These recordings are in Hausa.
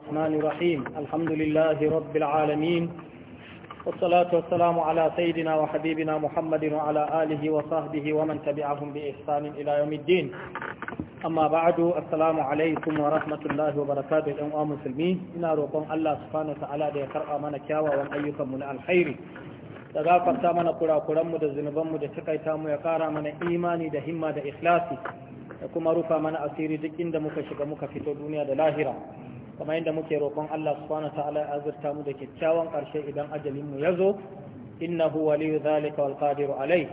الرحمن الرحيم الحمد لله رب العالمين والصلاة والسلام على سيدنا وحبيبنا محمد وعلى آله وصحبه ومن تبعهم بإحسان إلى يوم الدين أما بعد السلام عليكم ورحمة الله وبركاته الأمم المسلمين إن روكم الله سبحانه وتعالى ليكرأ من كاوى وأيكم من الخير da gafarta mana kurakuranmu da zunubanmu da takaita mu ya kara mana imani da himma da ikhlasi da kuma rufa mana asiri duk inda muka shiga muka fito duniya da lahira kamar yadda muke roƙon Allah subhanahu wa ta'ala azurta mu da kyakkyawan ƙarshe idan ajalin mu yazo innahu waliyyu zalika wal qadiru alai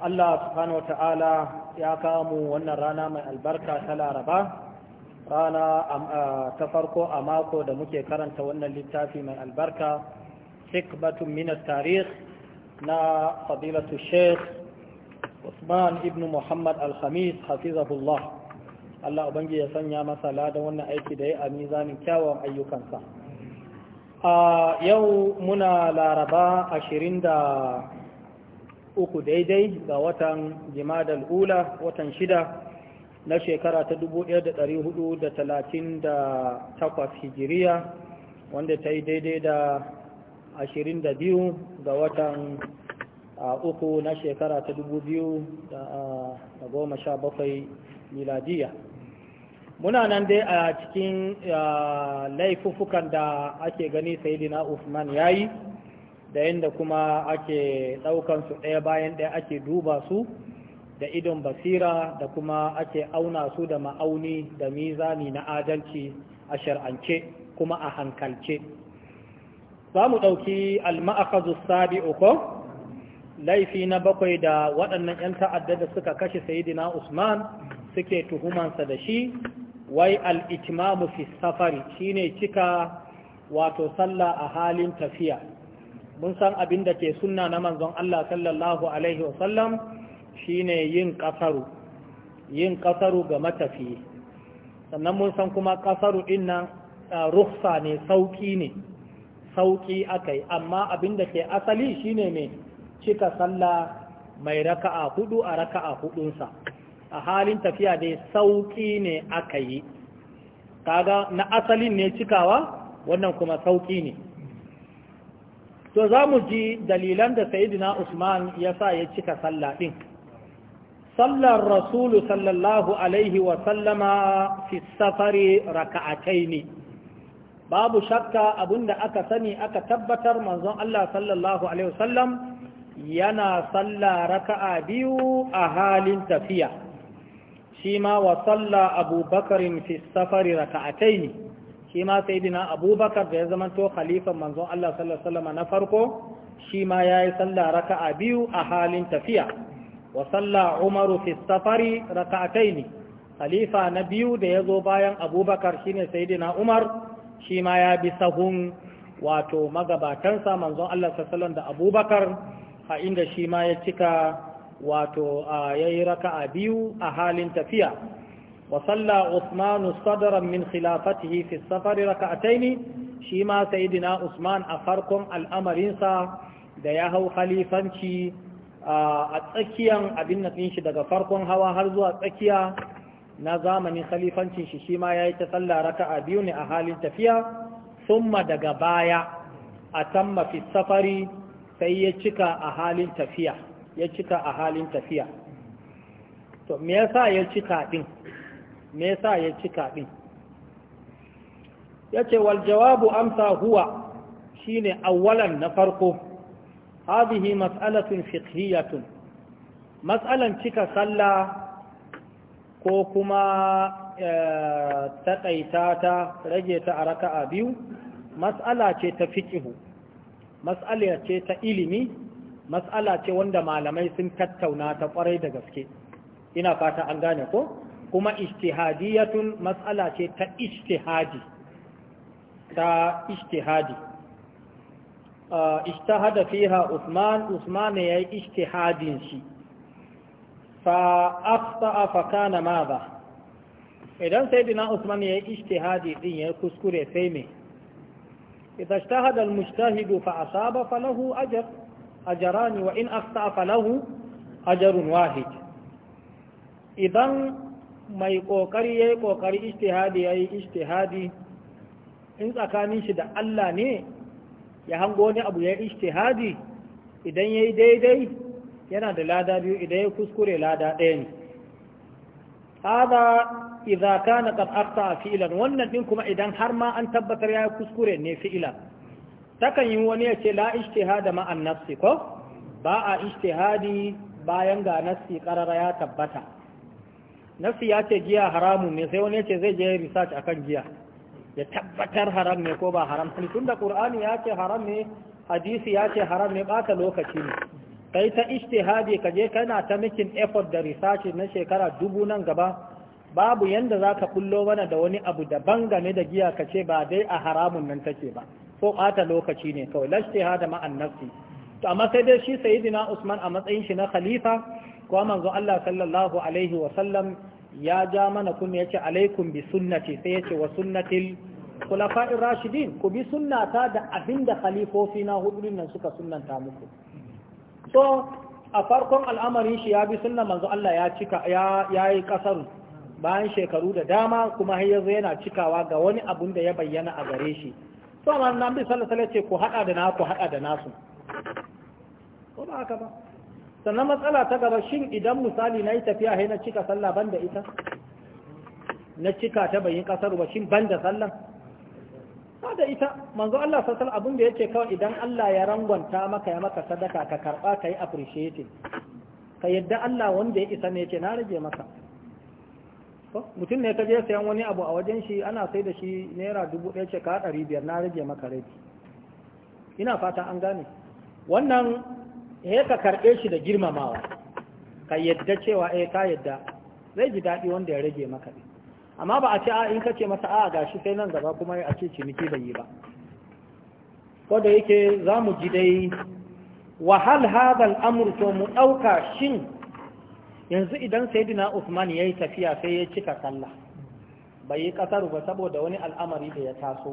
Allah subhanahu wa ta'ala ya kawo mu wannan rana mai albarka ta Laraba rana ta farko a mako da muke karanta wannan littafi mai albarka hikmatun min tarikh na fadilatu sheikh Usman ibn Muhammad al-Khamis hafizahullah Allah Ubangiji ya sanya masa ladan wannan aiki da ya a mizanin kyawawan ayyukansa a yau muna laraba ashirin da uku daidai ga watan jimadal ula watan shida na shekara ta dubu da da talatin takwas hijiriya wanda ta yi daidai da ashirin da biyu ga watan uku na shekara ta dubu biyu da goma sha bakwai miladiya muna nan dai a cikin laifufukan da ake gani na usman ya yi da yadda kuma ake su ɗaya bayan ɗaya ake duba su da idon basira da kuma ake auna su da ma'auni da mizani na adalci a shar'ance kuma a hankalce za mu ɗauki alma'akazu sabi uku laifi na bakwai da waɗannan 'yan ta'adda da suka kashe sayidina usman suke tuhumansa da shi wai al'itimamu fi safari shine cika wato sallah a halin tafiya mun san abin da ke sunna na manzon Allah sallallahu alaihi wasallam shine yin kasaru yin kasaru ga matafiye sannan mun san kuma kasaru din nan ruksa ne sauki ne sauki akai amma abin da ke asali shine mai cika sallah mai raka'a hudu a raka'a hudunsa a halin tafiya dai sauƙi ne aka yi kaga na asalin ne cikawa wannan kuma sauƙi ne to za mu ji dalilan da sayidina usman ya sa ya cika sallah ɗin sallar rasulu sallallahu alaihi wasallama fi safari raka'atai ne babu shakka abinda aka sani aka tabbatar manzon Allah sallallahu alaihi wasallam yana sallah raka'a biyu a halin tafiya shi ma wa salla abubakarin fi safari raka'atai ne shi ma sai dina abubakar da ya zamanto khalifan manzon Allah sallallahu alaihi na farko shi ya yi salla raka'a biyu a halin tafiya wa salla umaru fi safari raka'atai ne khalifa na biyu da ya zo bayan abubakar shine saidina umar shi ya bi sahun wato magabatansa manzon Allah sallallahu da abubakar a inda shima ya cika wato yayi raka'a biyu a halin tafiya wa salla usmanu sadaran min khilafatihi fi safari raka'ataini shi ma sayidina usman a farkon al'amarinsa da ya hau khalifanci a tsakiyan abin nafin shi daga farkon hawa har zuwa tsakiya na zamanin khalifancin shi shi ma yayi ta sallah raka'a biyu ne a halin tafiya summa daga baya a tamma fi safari sai ya cika a halin tafiya ya cika a halin tafiya to me yasa ya cika din me yasa ya cika din yace wal jawabu amsa huwa shine awwalan na farko hadhihi mas'alatun fiqhiyatun mas'alan cika salla ko kuma eh, taƙaita ta rage ta a raka'a biyu mas'ala ce ta fiƙihu. Matsala ce ta ilimi matsala ce wanda malamai sun tattauna ta kwarai da gaske ina fata an gane ko kuma ijtihadiyatun matsala ce ta ijtihadi ta ijtihadi ijtahada fiha Usman Usman ya yi ijtihadin shi fa afta fa kana ba. idan sayyidina Usman ya yi ijtihadi din ya kuskure sai me idan ijtahada al-mujtahidu fa asaba falahu ajr ajarani wa in afta falahu ajarun wahid idan mai kokari yayi kokari ijtihadi yayi ijtihadi in tsakanin shi da Allah ne ya hango ni abu ya ijtihadi idan yayi daidai yana da lada biyu idan ya kuskure lada ɗaya ne hada idza kana qad akhta fi'lan wannan din kuma idan har ma an tabbatar ya kuskure ne fi'lan takan yi wani ya ce la ishtihada ma'an nafsi ko ba a ishtihadi bayan ga nafsi karara ya tabbata nafsi ya ce giya haramu ne sai wani ya ce zai je research akan giya ya tabbatar haram ne ko ba haram ne tunda qur'ani ya ce haram ne hadisi ya ce haram ne bata lokaci ne kai ta ishtihadi ka je kana ta making effort da research na shekara dubu nan gaba babu yanda za ka kullo mana da wani abu daban game da giya ka ce ba dai a haramun nan take ba ko ɓata lokaci ne kawai lashte hada ma'an nafsi to amma sai dai shi sayyidina Usman a matsayin shi na khalifa ko manzo Allah sallallahu alaihi wa sallam ya ja mana kun yace alaikum bi sunnati sai yace wa sunnatil khulafa'ir rashidin ku bi sunnata da abinda khalifofi na hudurin nan suka sunnanta muku so a farkon al'amarin shi ya bi sunna manzo Allah ya cika ya kasar bayan shekaru da dama kuma har yanzu yana cikawa ga wani abun da ya bayyana a gare shi to amma nan bi sallallahu ce ku hada da na ku hada da nasu ko ba haka ba sannan matsala ta gaba shin idan misali na yi tafiya hai na cika sallah ban da ita na cika ta bayin kasar ba shin ban da sallah ba da ita manzo Allah sallallahu abin da yake kawai idan Allah ya rangwanta maka ya maka sadaka ka karba kai appreciating ka yadda Allah wanda ya isa ne yake na rage maka mutum ne ka je sayan wani abu a wajen shi ana sai da shi naira dubu ɗaya ce ka ɗari biyar na rage maka rabi ina fata an gane wannan he ka karɓe shi da girmamawa ka yadda cewa eh ka yadda zai ji daɗi wanda ya rage maka ne amma ba a ce a ah, in ka ce masa a ah, ga shi sai nan gaba kuma a ce ciniki bai yi ba ko da yake za mu ji dai wahal hadal amurto mu ɗauka shin yanzu idan sayyidina Usman yayi tafiya sai ya cika sallah bai yi kasar ba saboda wani al'amari da ya taso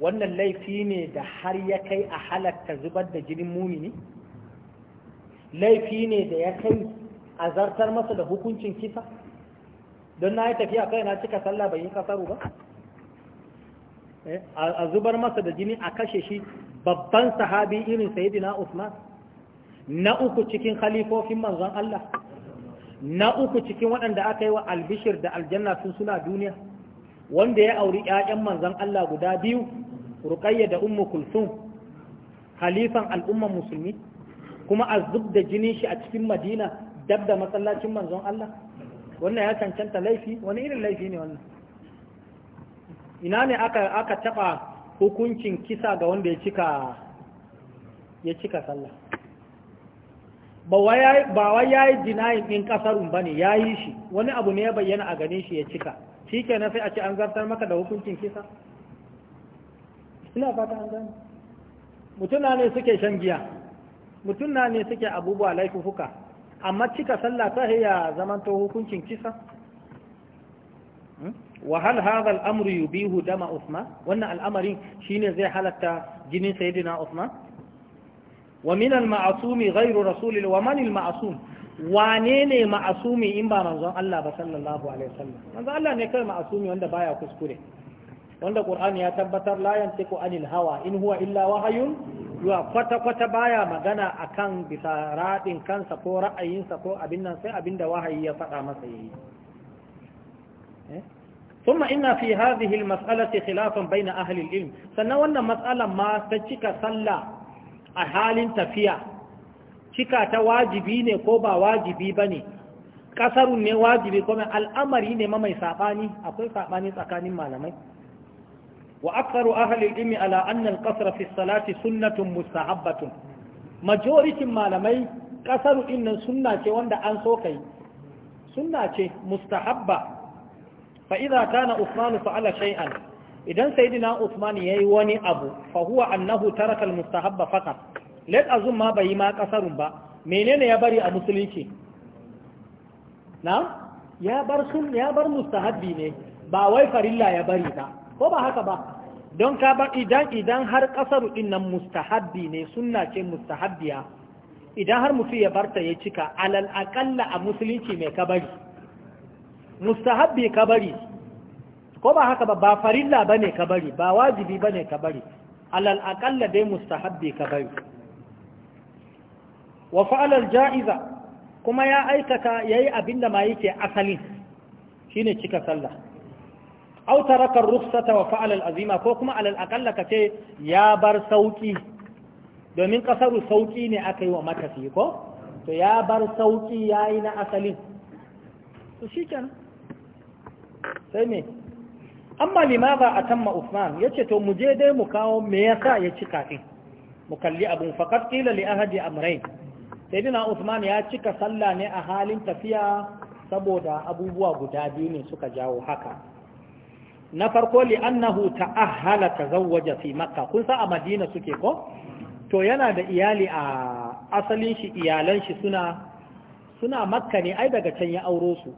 wannan laifi ne da har ya kai a halatta zubar da jinin mumini laifi ne da ya kai a zartar masa da hukuncin kisa don na yi tafiya kai na cika sallah bai yi kasaru ba eh, a zubar masa da jini a kashe shi babban sahabi irin sayidina Usman na uku cikin khalifofin manzon Allah na uku cikin waɗanda aka yi wa albishir da aljanna sun suna duniya wanda ya auri 'ya'yan manzan Allah guda biyu ruƙayya da ummu kulsum halifan al'umman musulmi kuma a zub da jinin shi a cikin madina dab da masallacin manzon Allah wannan ya cancanta laifi wani irin laifi ne wannan ina ne aka aka taba hukuncin kisa ga wanda ya cika ya cika sallah ba wai ya yi dinayin ɗin ƙasarun ba ne ya yi shi wani abu ne ya bayyana a ganin shi ya cika shi ke sai a ce an zartar maka da hukuncin kisa ina fata an mutum na ne suke shan giya na ne suke abubuwa laifuka amma cika sallah ta zaman zamanto hukuncin kisa وهل هذا الأمر dama usman wannan al'amarin shi ne zai halatta jinin sayidina usman. ومن المعصوم غير رسول ومن المعصوم wane ne ma'asumi in ba manzon Allah ba sallallahu alaihi wasallam manzon Allah ne kai ma'asumi wanda baya kuskure wanda Qur'ani ya tabbatar la yantiqu anil hawa in huwa illa wahayun yuwa kwata kwata baya magana akan bisa radin kansa ko ra'ayinsa ko abin nan sai abinda wahayi ya faɗa masa yayi ثم إن في هذه المسألة خلافا بين أهل العلم سنة وأن مسألة ما تشك صلى a halin tafiya cika ta wajibi ne ko ba wajibi ba ne ƙasarun ne wajibi kuma al'amari ne mai saɓani akwai saɓani tsakanin malamai wa aksaru ahalin ilmi ala annal ƙasar fi salati sunnatun mustahabbatun majoritin malamai ƙasarun innan sunna ce wanda an so kai sunna ce mustahabba Fa'iza idza kana usmanu fa'ala shay'an idan sayyidina usman yayi wani abu fa huwa annahu taraka almustahabba faqat let azum ma bai ma kasarun ba menene ya bari a musulunci na ya bar sun ya bar mustahabbi ne ba wai farilla ya bari ba ko ba haka ba don ka ba idan idan har kasaru din nan mustahabbi ne sunna ce mustahabbiya idan har mutum ya barta ya cika alal aqalla a musulunci mai kabari mustahabbi kabari ko ba haka ba ba farilla ne ka bari ba wajibi ne ka bari alal dai mustahabbi ka bari wa fa'ala ja'iza kuma ya aikata yayi abinda ma yake asalin shine cika sallah aw taraka wa fa'alar azima ko kuma alal ka ce ya bar sauƙi, domin ƙasar sauƙi ne aka yi wa matafi ko to ya bar ya yayi na asalin to shikenan sai me amma ba a tamma usman ya ce to mu je dai mu kawo me yasa ya ci kafin? mu kalli abin Fakar ƙila li ahadi amrai sai dina usman ya cika sallah ne a halin tafiya saboda abubuwa guda biyu ne suka jawo haka na farko li annahu ta'ahhala tazawwaja fi makka kun sa a madina suke ko to yana da iyali a asalin shi iyalan shi suna suna makka ne ai daga can ya auro su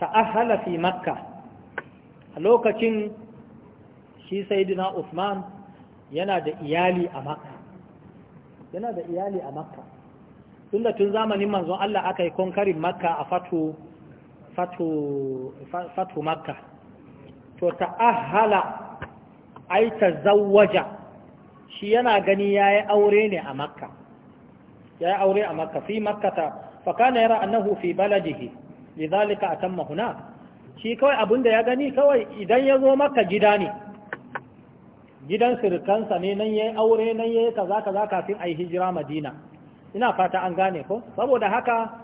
ta'ahhala fi makka a lokacin shi saidina Usman yana da iyali a makka yana da iyali a makka tun da tun zamanin manzon Allah aka yi konkarin makka a fatu fatu makka to ahala aita zawaja shi yana gani ya yi aure ne a makka yi aure a makka fi makkata fa kana yara annahu fi baladihi lidhalika atamma hunak shi kawai abin da ya gani kawai idan ya zo maka gida ne gidan sirkansa ne nan ya yi aure nan ya yi kaza kaza kafin a yi hijira madina ina fata an gane ko saboda haka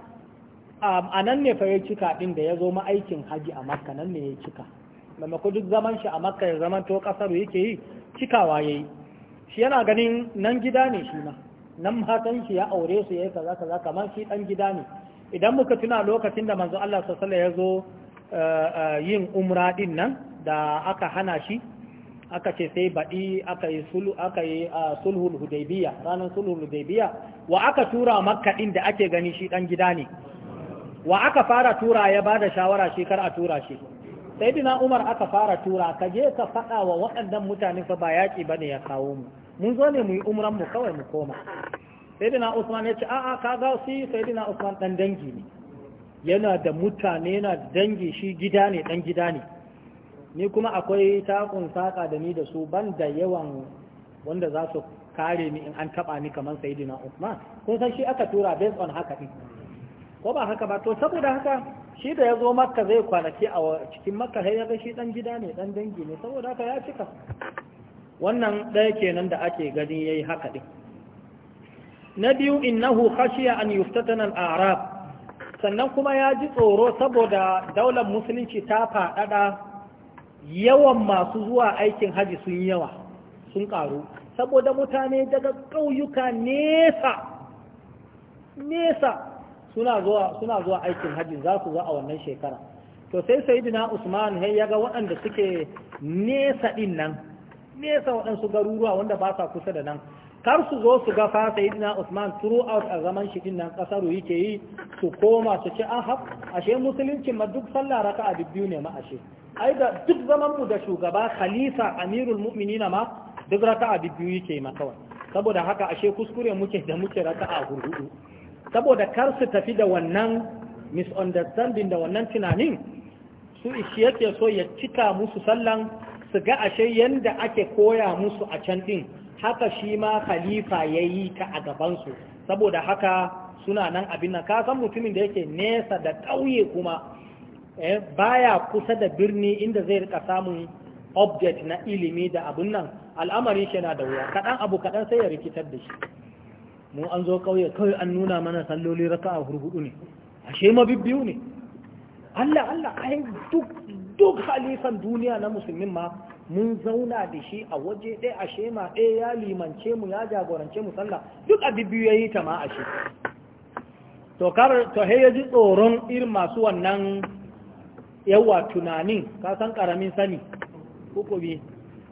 a nan ne fa ya cika ɗin da ya zo ma'aikin haji a makka nan ne ya cika maimako duk zaman shi a makka ya zaman to ƙasar yake yi cikawa ya yi shi yana ganin nan gida ne shi ma nan matan shi ya aure su ya yi kaza kaza kamar shi ɗan gida ne idan muka tuna lokacin da manzo Allah sallallahu alaihi ya zo yin umra din nan da aka hana shi aka ce sai baɗi aka yi sulhul hudaybiya ranar sulhul hudaybiya wa aka tura makka din da ake gani shi ɗan gida ne wa aka fara tura ya ba da shawara shi kar a tura shi sai dina umar aka fara tura ka je ka faɗa wa waɗannan mutane fa ba yaƙi ba ne ya kawo mu mun zo ne mu yi umran mu kawai mu koma sai dina usman ya ce a'a ka ga shi sai dina usman ɗan dangi ne yana da mutane yana da dangi shi gida ne dan gida ne ni kuma akwai takun saka da ni da su ban da yawan wanda za su kare ni in an taba ni kamar sayidina Usman kun san shi aka tura based on haka din ko ba haka ba to saboda haka shi da yazo zo makka zai kwanaki a cikin makka sai ya ga shi dan gida ne dan dangi ne saboda haka ya cika wannan ɗaya kenan da ake gani yayi haka din na biyu innahu khashiya an yuftatana al-a'rab sannan kuma ya ji tsoro saboda daular musulunci ta faɗaɗa yawan masu zuwa aikin haji sun yawa sun ƙaru saboda mutane daga ƙauyuka nesa nesa suna zuwa suna zuwa aikin haji za su zo a wannan shekara to sai sayyidina Usman hey ya ga waɗanda suke nesa ɗin nan nesa waɗansu garuruwa wanda ba sa kusa da nan kar su zo su ga yi dina Usman throughout a zaman shi nan kasar yake yi su koma su ce an haf ashe musulunci ma duk sallah raka a biyu ne ma ashe ai da duk zaman mu da shugaba khalifa amirul mu'minina ma duk raka a biyu yake ma kawai saboda haka ashe kuskure muke da muke raka raka'a hudu saboda kar su tafi da wannan misunderstanding da wannan tunanin su ishi yake so ya cika musu sallan su ga ashe yanda ake koya musu a can din haka shi ma khalifa ya yi ta a gabansu saboda haka suna nan abin nan ka mutumin da yake nesa da ƙauye kuma eh, baya kusa da birni inda zai rika samun object na ilimi da abin nan al'amari shi na da wuya kaɗan abu kaɗan sai ya rikitar da shi mu an zo ƙauye kawai an nuna mana salloli raka a hurhudu ne ashe ma bibbiyu ne Allah Allah ai duk duk halifan duniya na musulmin ma mun zauna da shi a waje ɗaya a shema ɗaya ya limance mu ya jagorance mu sallah duk a biyu ya yi ta ma a shi to kar to he ya ji tsoron irin masu wannan yawa tunanin ka san karamin sani uku bi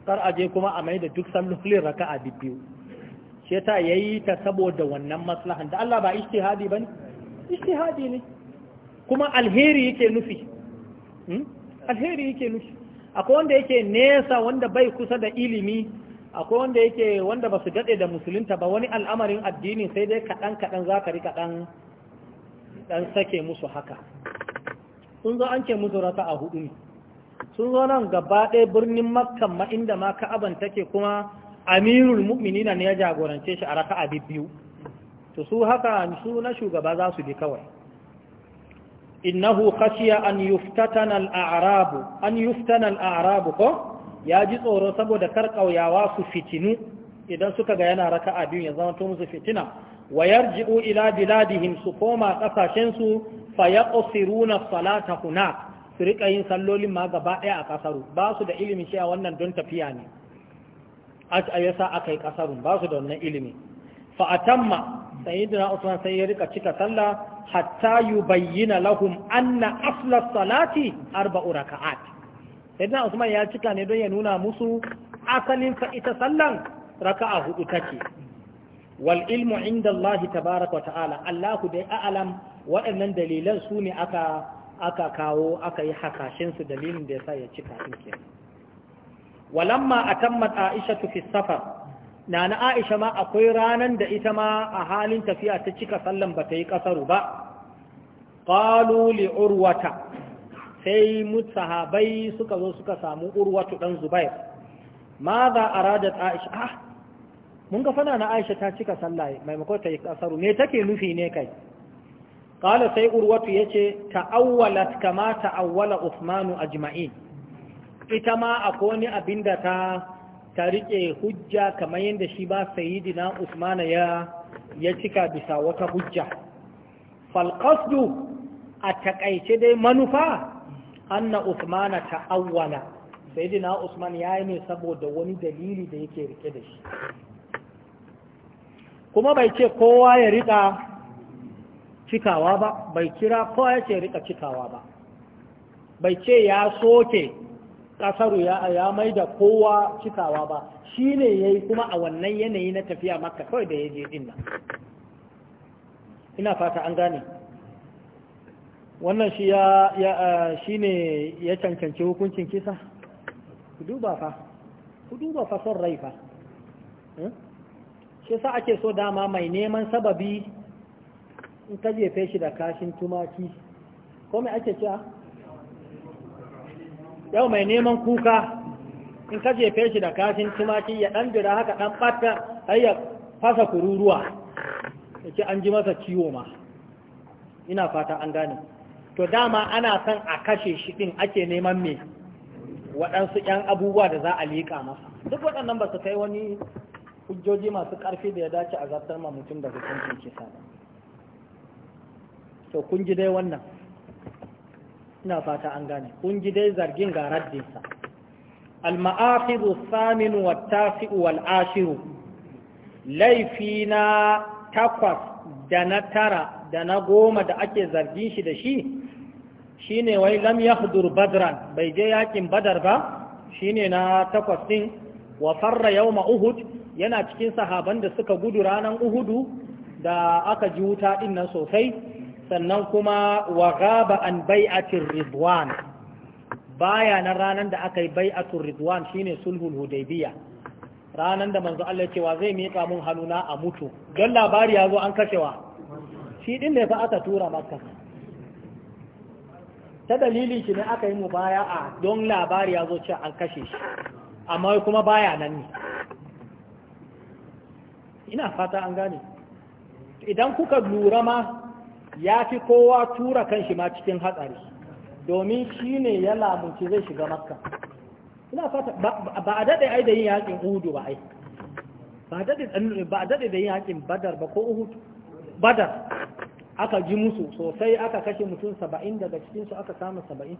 kar a je kuma a mai da duk sallolin raka a biyu shi ta yi ta saboda wannan maslahan da Allah ba ijtihadi bane ijtihadi ne kuma alheri yake nufi hmm? alheri yake nufi akwai wanda yake nesa wanda bai kusa da ilimi akwai wanda yake wanda ba su daɗe da musulunta ba wani al'amarin addini sai dai kaɗan kaɗan za ka rika ɗan sake musu haka sun zo an ce musu raka a hudu ne sun zo nan gaba ɗaya birnin Makka ma inda ma ka'aban take kuma amirul mu'minina ne ya jagorance shi a raka'a biyu to su haka su na shugaba za su bi kawai innahu khashiya an yuftatana al-a'rabu an yuftana al ko ya ji tsoro saboda kar ƙauyawa su fitinu idan suka ga yana raka'a biyu ya zama to musu fitina wa yarji'u ila biladihim su koma kasashen su fa yaqsiruna salata hunak su rika yin sallolin ma gaba daya a kasaru ba su da ilimin a wannan don tafiya ne a yasa aka yi kasarun ba su da wannan ilimi fa atamma sayyidina usman sai ya rika cika sallah hatta bayyana lahum anna Aflas salati arba'u raka'at sayyidina Usman ya cika ne don ya nuna musu asalin fa ita sallan raka'a hudu take wal ilmu inda Allah tabaraka wa ta'ala Allah dai a'lam waɗannan dalilan su ne aka aka kawo aka yi hakashin su dalilin da yasa ya cika din kenan walamma atammat Aisha fi safar na na aisha ma akwai ranan da ita ma a halin tafiya ta cika sallan ba ta yi ƙasaru ba ƙalu li urwata sai mutsahabai suka zo suka samu urwatu ɗan zubair ma za a rada aisha ah mun ga fana na aisha ta cika sallah maimakon ta yi ƙasaru me take nufi ne kai ƙala sai urwatu yace ce ta'awwalat kama ta'awwala usmanu ajma'in ita ma akwai wani abin da ta ta riƙe hujja kamar yadda shi ba sayidina usmana ya ya cika bisa wata hujja falqasdu a takaice dai manufa anna usmana sayidi na usman ya yi ne saboda wani dalili da yake riƙe da shi kuma bai ce kowa ya riƙa cikawa ba bai kira kowa ya ce rika cikawa ba bai ce ya soke kasaru ya ya mai da kowa cikawa ba shi ne ya yi kuma a wannan yanayi na tafiya makka kawai da ya je din nan ina fata an gane wannan shi ya shi ne ya cancanci hukuncin kisa ku duba fa ku duba fa son rai fa hmm? shi sa ake so dama mai neman sababi in ka jefe shi da kashin tumaki ko mai ake cewa yau mai neman kuka in ka jefe shi da kashin tumaki ya ɗan jira haka ɗan ɓata har ya fasa kururuwa ya ce an ji masa ciwo ma ina fata an gane to dama ana son a kashe shi ɗin ake neman me waɗansu ‘yan abubuwa da za a liƙa masa duk waɗannan ba su kai wani hujjoji masu ƙarfi da ya dace a zartar ma mutum da hukuncin kisa ba to kun ji dai wannan ina fata an gane kun ji dai zargin ga raddinsa al-ma'akhidhu thamin wa tafi'u wal ashiru laifi na takwas da na tara da na goma da ake zargin shi da shi shine wai lam yahdur badran bai je yakin badar ba shine na takwas din wa farra yawma uhud yana cikin sahaban da suka gudu ranan uhudu da aka ji wuta din nan sosai sannan kuma wa gaba an bai'atir ridwan baya na ranar da aka yi bai'atur ridwan shine sulhul hudaybiya ranar da manzo Allah cewa zai miƙa mun hannuna a mutu don labari ya zo an kashewa shi din ne fa aka tura makka ta dalili shi ne aka yi a. don labari ya zo cewa an kashe shi amma kuma baya nan ne ina fata an gane idan kuka lura ma ya fi kowa tura kan shi ma cikin hatsari domin shi ne ya lamunci zai shiga makka ba a daɗe ai da yin yakin uhudu ba ai ba a daɗe da yin yakin badar ba ko uhudu badar aka ji musu sosai aka kashe mutum saba'in daga cikinsu aka samu saba'in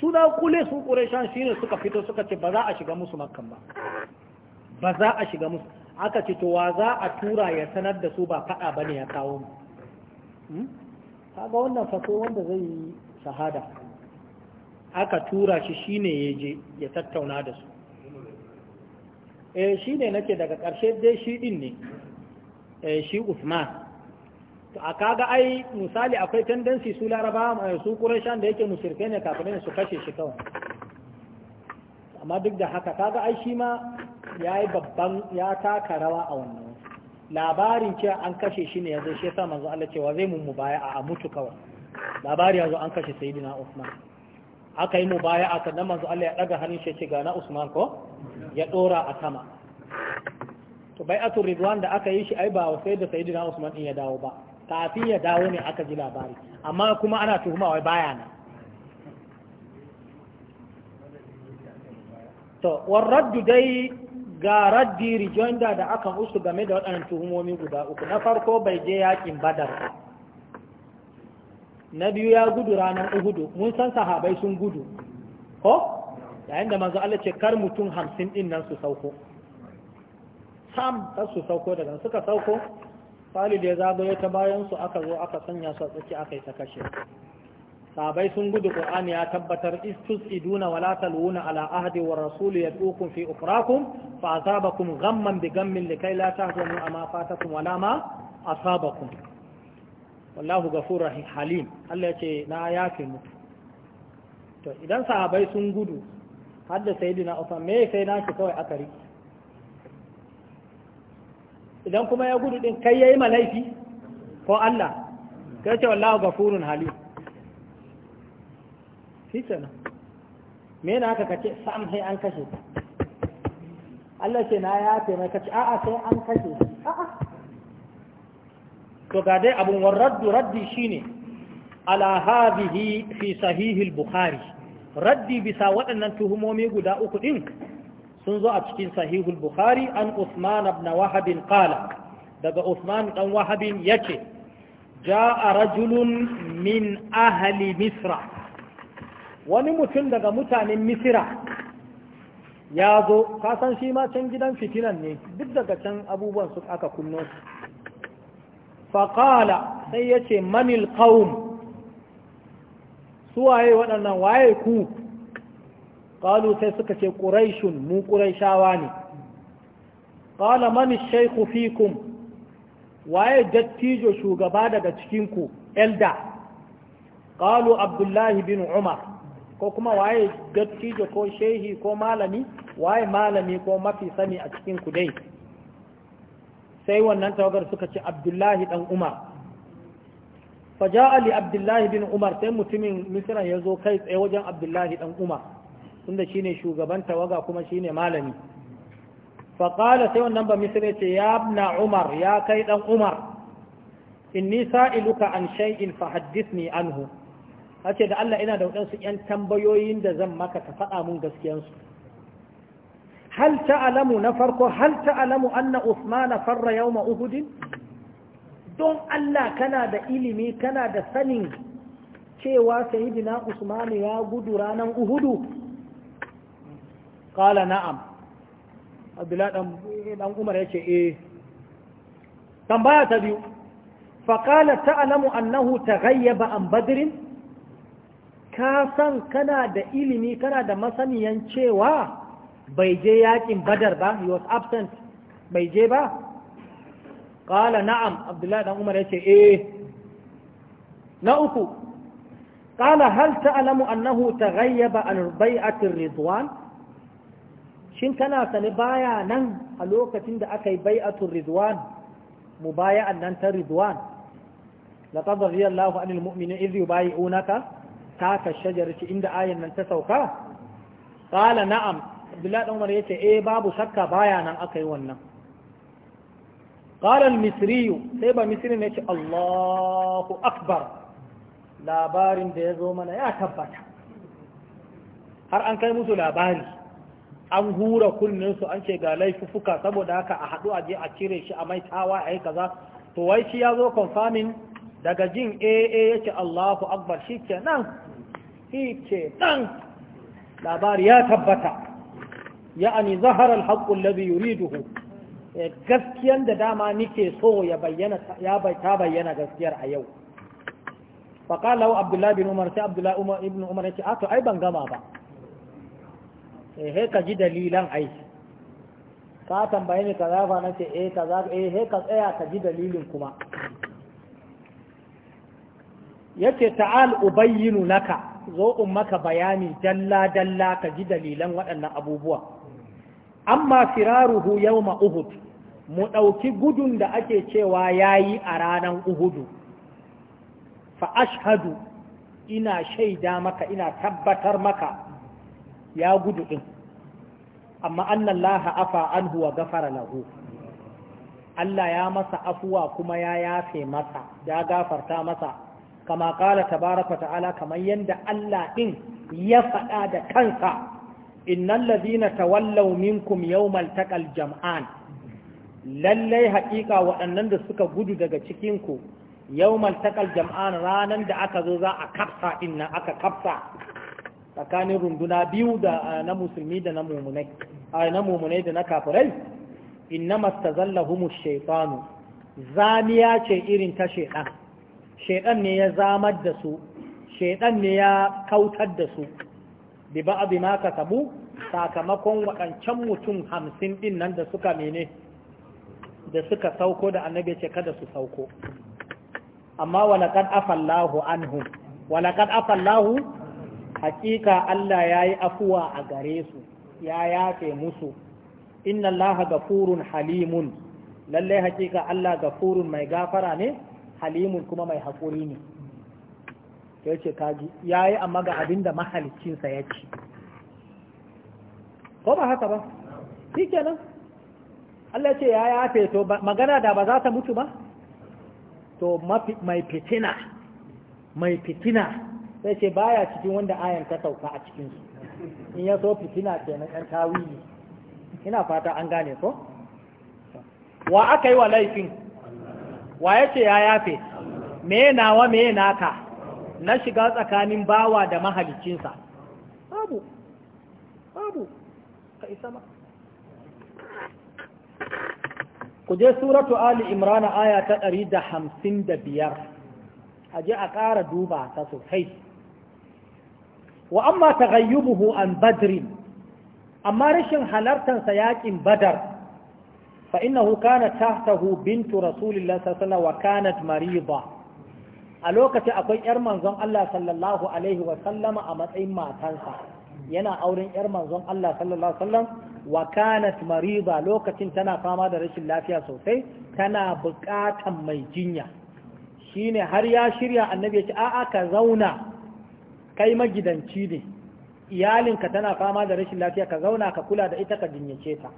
Su da kule su ƙureshan shi ne suka fito suka ce ba za a shiga musu makkan ba ba za a shiga musu aka ce to wa za a tura ya sanar da su ba faɗa ba ne ya kawo mu Hmm? kaga wannan fato wanda zai yi shahada aka tura shi shine ya je ya tattauna da su eh shine nake daga ƙarshe dai shi din ne eh shi Usman to a kaga ai misali akwai tendency su Laraba eh, su Qurayshan da yake musirke ne kafin su kashe shi kawai amma duk da haka kaga ai shi ma yayi babban ya taka rawa a wannan labarin cewa an kashe shi ne yanzu shi yasa manzo Allah cewa zai mun mubaya'a a mutu kawai labari yanzu an kashe sayyidina Usman aka yi mubaya'a sannan manzo Allah ya daga hannun shi ce ga na Usman ko ya dora a sama to bai'atul ridwan da aka yi shi ai ba sai da sayyidina Usman din ya dawo ba kafin ya dawo ne aka ji labari amma kuma ana tuhuma wai baya na to warraddu dai ga raddi rejoinder da aka musu game da waɗannan tuhumomi guda uku na farko bai je yakin badar na biyu ya gudu ranar uhudu mun san sahabai sun gudu ko yayin da manzo Allah ce kar mutum hamsin din nan su sauko sam ta su sauko daga suka sauko Khalid ya zagaye ta bayan su aka zo aka sanya su a tsaki aka yi ta kashe sabai sun gudu qur'ani ya tabbatar istus'iduna wala taluna ala ahdi war rasul yadukum fi ukrakum fa asabakum ghamman bi ghammin likay la tahzanu ama fatakum wala ma asabakum wallahu ghafurur halim Allah yace na yafe mu to idan sahabai sun gudu har da sayyidina Usman me sai na kawai aka riki idan kuma ya gudu din kai yayi malaifi ko Allah kai ce wallahu ghafurun halim shi me na haka kace sam sai an kashe Allah ce na ya ce mai kace a'a sai an kashe a'a to ga dai abun warraddu raddi shine ala hadhihi fi sahih al-bukhari raddi bisa waɗannan tuhumomi guda uku din sun zo a cikin sahih al-bukhari an Usman ibn Wahab qala daga usman dan Wahab yace ja'a rajulun min ahli misra wani mutum daga mutanen misira ya zo kasan shi ma can gidan fitinan ne duk daga can abubuwan su aka kunno su faƙala sai ya ce manil ƙaun su waye waɗannan waye ku ƙalu sai suka ce ƙuraishun mu ƙuraishawa ne ƙala manil shaiku fikum waye dattijo shugaba daga cikinku elda ƙalu abdullahi bin umar ko kuma waye dattijo ko shehi ko malami waye malami ko mafi sani a cikin ku dai sai wannan tawagar suka ci abdullahi dan umar faja'a li abdullahi bin umar sai mutumin misran ya zo kai tsaye wajen abdullahi dan umar tunda shine shugaban tawaga kuma shine malami faƙala sai wannan ba misra ce ya na umar ya kai dan umar inni sa'iluka an shay'in fahaddithni anhu a ce da Allah ina da waɗansu 'yan tambayoyin da zan maka ka faɗa mun gaskiyansu hal ta'alamu na farko hal ta'alamu anna usmana farra yawma uhudin don Allah kana da ilimi kana da sanin cewa sayyidina usmanu ya gudu ranar uhudu qala na'am abdullahi dan umar yace eh tambaya ta biyu Faƙala فقال تعلم ta تغيب عن بدر ka san kana da ilimi kana da masaniyan cewa bai je yakin badar ba he was absent bai je ba ƙala na'am abdullahi dan umar ya ce eh na uku ƙala hal ta'lamu annahu taghayyaba an bai'atir ridwan shin kana sani baya nan a lokacin da aka yi bai'atul ridwan mubaya'an nan ta ridwan laqad Allahu anil mu'minina idh yubayi'unaka taka shajarci inda ayin nan ta sauka qala na'am abdullahi dan umar ce, eh babu shakka baya nan yi wannan qala Misriyu, sai ba misri ne ce Allahu akbar labarin da ya zo mana ya tabbata har an kai musu labari an hura kunninsu an ce ga laifuka saboda haka a haɗu a je a cire shi a mai tawa a yi kaza to wai shi ya zo konfamin daga jin aa ya ce allahu akbar shi ke nan shi ce ɗan labari ya tabbata ya'ani zahar alhaƙun labi yuriduhu eh, gaskiyar da dama nike so ya ta bayyana gaskiyar a yau faƙala wa abdullahi bin umar sai abdullahi umar ibn umar ya ce a to ai ban gama ba eh, he ka ji dalilan ai ka tambaye ni kaza fa nace eh kaza eh he ka tsaya ka ji dalilin kuma yace ta'al ubayyinu naka zo in maka bayani dalla-dalla ka ji dalilan waɗannan abubuwa. Amma firaruhu yawma Uhud, mu ɗauki gudun da ake cewa ya yi a ranar Uhudu, fa ashhadu ina shaida maka ina tabbatar maka ya gudu ɗin, amma annan laha afa an wa gafara lahu. Allah ya masa afuwa kuma ya yafe masa, ya gafarta masa. kama kala tabaraka ta'ala kamar yadda Allah ɗin ya faɗa da kansa innal ladina tawallaw minkum yawmal taqal jam'an lallai haƙiƙa waɗannan da suka gudu daga cikin ku yawmal taqal jam'an da aka zo za a kafsa inna aka kafsa tsakanin runduna biyu da eh, na musulmi da na mumunai eh, na mumunai da na kafirai inna tazallahum ash-shaytanu zamiya ce irin ta shaytan shaidan ne ya zamar da su shaidan ne ya kautar da su bi ba abi ma kasabu sakamakon waɗancan mutum hamsin din nan da suka mene da suka sauko da annabi ce kada su sauko amma walaqad afallahu anhum walaƙar afallahu hakika Allah yayi afuwa a gare su ya yafe musu inna allaha gafurun halimun lallai hakika Allah gafurun mai gafara ne halimun kuma mai haƙuri ne ya ce kaji ya yi amma ga abin da mahalicinsa ya ci ko ba haka ba shi kenan Allah ce ya yafe to magana da ba za ta mutu ba to mai fitina mai fitina sai ce baya cikin wanda ayan ta sauka a cikinsu in ya so fitina kenan yan tawili ina fata an gane ko wa aka yi wa laifin wa ya ce ya yafe me nawa me naka na shiga tsakanin bawa da mahalicinsa babu babu ka isa ma ku je suratu ali imrana aya ta ɗari da hamsin da biyar a je a ƙara duba ta sosai wa amma ta an badrin amma rashin halartarsa yaƙin badar فإنه كانت تحته Bintu رسول الله صلى الله عليه وسلم akwai ƴar manzon Allah sallallahu alaihi wa sallama a matsayin matansa yana auren ƴar manzon Allah sallallahu alaihi wa sallam wa kanat marida lokacin tana fama da rashin lafiya sosai tana buƙatan mai jinya shine har ya shirya annabi ya ce a ka zauna kai magidanci ne iyalinka tana fama da rashin lafiya ka zauna ka kula da ita ka jinyace ta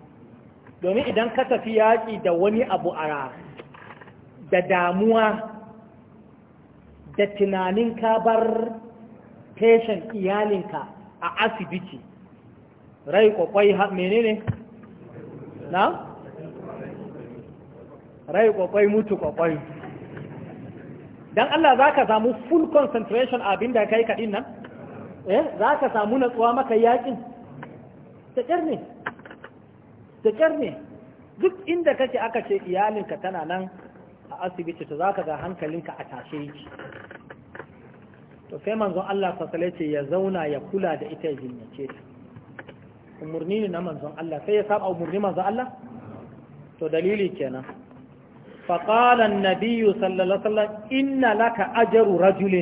domin idan ka tafi yaƙi da wani abu a da damuwa da tunanin ka bar patient iyalinka a asibiti rai kwakwai menene na? rai kwakwai mutu kwakwai don Allah za ka samu full concentration abin da yi kaɗin nan eh za ka samu natsuwa maka yaƙin ta ne da kyar ne duk inda kake aka ce iyalinka tana nan a asibiti to za ka ga hankalinka a tashe yake to sai manzon Allah fasale ce ya zauna ya kula da ita ya jinnace ta umurni ne na manzon Allah sai ya saba umurni manzon Allah to dalili kenan فقال النبي صلى الله عليه وسلم إن لك أجر رجل